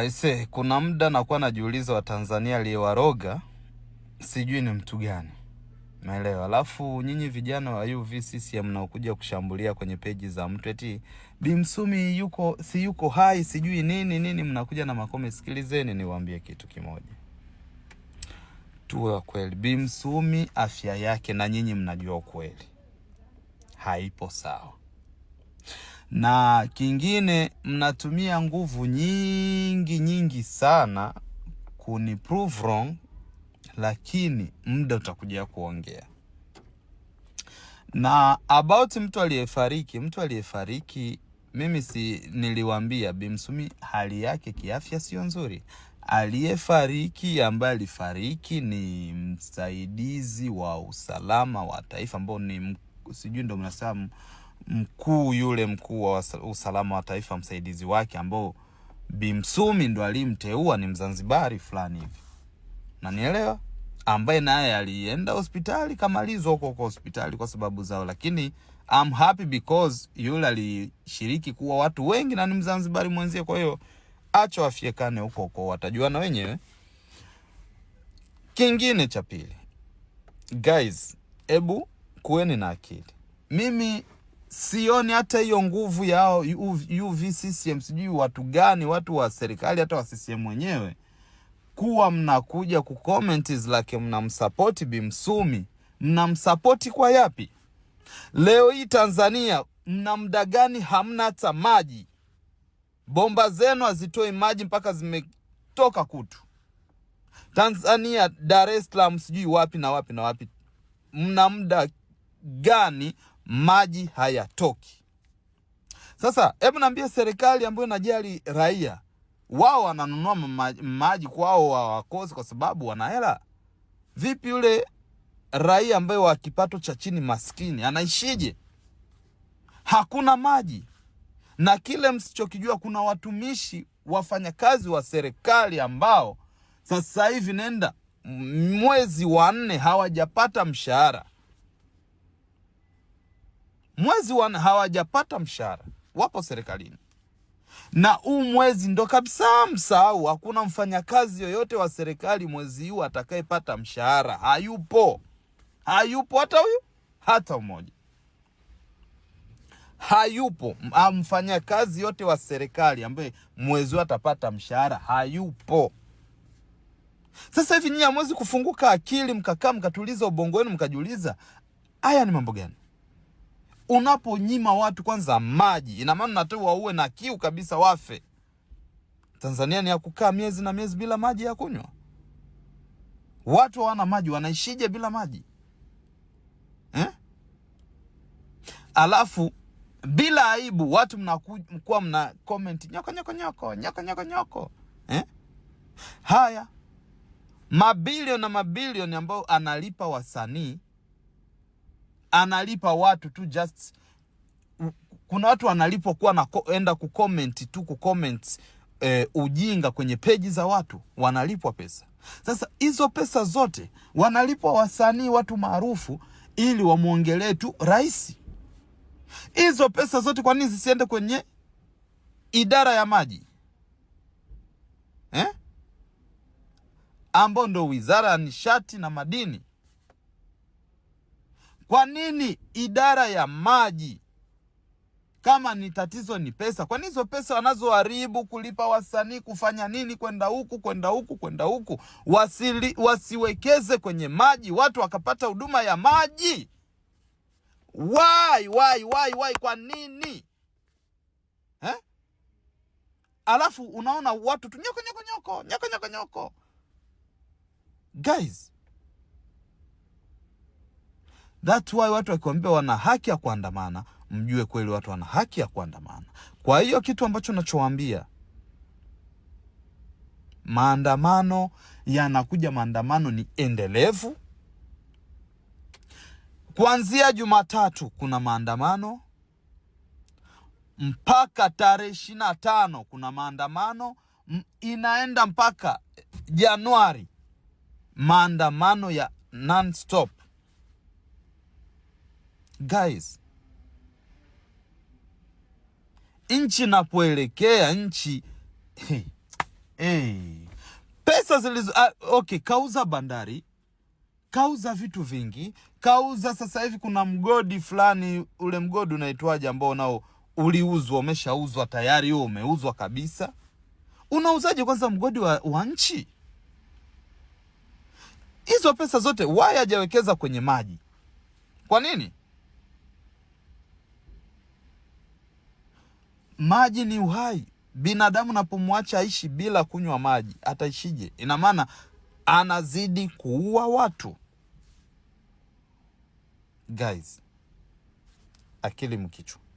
Aise, kuna muda nakuwa najiuliza Watanzania aliyewaroga sijui ni mtu gani, naelewa. Alafu nyinyi vijana wa UV CCM mnaokuja kushambulia kwenye peji za mtu eti Bimsumi yuko si yuko hai sijui nini nini, mnakuja na makome. Sikilizeni niwaambie kitu kimoja tu wa kweli, Bimsumi afya yake na nyinyi mnajua ukweli, haipo sawa na kingine mnatumia nguvu nyingi nyingi sana kuni prove wrong, lakini muda utakuja kuongea na about mtu aliyefariki. Mtu aliyefariki mimi si niliwambia, Bimsumi hali yake kiafya sio nzuri. Aliyefariki ambaye alifariki ni msaidizi wa usalama wa taifa ambao ni sijui ndo mnasema mkuu yule mkuu wa usalama wa taifa msaidizi wake ambao Bimsumi ndo alimteua ni Mzanzibari fulani hivi, nanielewa, ambaye naye alienda hospitali kamalizwa huko huko hospitali kwa sababu zao, lakini I'm happy because yule alishiriki kuwa watu wengi na ni Mzanzibari mwenzie. Kwa hiyo acho afiekane huko huko, watajua na wenyewe. Kingine cha pili, guys, ebu kuweni na akili. Mimi sioni hata hiyo nguvu yao UV sijui watu gani, watu wa serikali, hata wa CCM wenyewe kuwa mnakuja ku comment zake, mnamsapoti Bimsumi, mnamsapoti kwa yapi? Leo hii Tanzania mna muda gani? Hamna hata maji, bomba zenu hazitoi maji mpaka zimetoka kutu. Tanzania, Dar es Salaam, sijui wapi na wapi na wapi, mna muda gani maji hayatoki. Sasa hebu naambia serikali ambayo inajali raia wao wananunua maji kwao wawakosi, kwa sababu wana hela. Vipi yule raia ambaye wa kipato cha chini maskini anaishije? Hakuna maji. Na kile msichokijua, kuna watumishi wafanyakazi wa serikali ambao sasa hivi nenda mwezi wa nne hawajapata mshahara mwezi wa hawajapata mshahara, wapo serikalini na huu mwezi ndo kabisa msahau. Hakuna mfanyakazi yoyote wa serikali mwezi huu atakayepata mshahara, hayupo, hayupo hata huyu, hata mmoja hayupo. Mfanyakazi yote wa serikali ambaye mwezi huu atapata mshahara hayupo. Sasa hivi nyinyi hamwezi kufunguka akili mkakaa mkatuliza ubongo wenu mkajiuliza haya ni mambo gani? Unaponyima watu kwanza maji, ina maana natoa uwe na kiu kabisa, wafe. Tanzania ni ya kukaa miezi na miezi bila maji ya kunywa. Watu hawana maji, wanaishije bila maji eh? Alafu bila aibu watu mnakuwa mna comment nyoko nyoko nyoko nyoko nyoko nyoko eh? Haya mabilioni na mabilioni ambayo analipa wasanii analipa watu tu just kuna watu wanalipwa kuwa naenda kucomment tu kucomment e, eh, ujinga kwenye peji za watu wanalipwa pesa. Sasa hizo pesa zote wanalipwa wasanii, watu maarufu, ili wamwongelee tu rais. Hizo pesa zote kwa nini zisiende kwenye idara ya maji eh? ambao ndo wizara ya nishati na madini kwa nini idara ya maji, kama ni tatizo ni pesa, kwa nini hizo pesa wanazoharibu kulipa wasanii kufanya nini, kwenda huku kwenda huku kwenda huku, wasili wasiwekeze kwenye maji, watu wakapata huduma ya maji? Why, why, why, why? Kwa nini eh? Alafu unaona watu tu nyoko nyoko nyoko nyoko nyoko nyoko, guys That's why watu wakiwambia wana haki ya kuandamana, mjue kweli watu wana haki ya kuandamana. Kwa hiyo kitu ambacho nachowambia, maandamano yanakuja, maandamano ni endelevu. Kuanzia Jumatatu kuna maandamano mpaka tarehe ishirini na tano kuna maandamano, inaenda mpaka Januari, maandamano ya non stop. Guys, nchi inapoelekea nchi hey, hey. Pesa zilizo uh, okay, kauza bandari, kauza vitu vingi, kauza sasa hivi kuna mgodi fulani, ule mgodi unaitwaje, ambao nao uliuzwa, umeshauzwa tayari, huo umeuzwa kabisa. Unauzaje kwanza mgodi wa, wa nchi? Hizo pesa zote waya hajawekeza kwenye maji, kwa nini? maji ni uhai. Binadamu napomwacha aishi bila kunywa maji, ataishije? Ina maana anazidi kuua watu. Guys, akili mkichwa.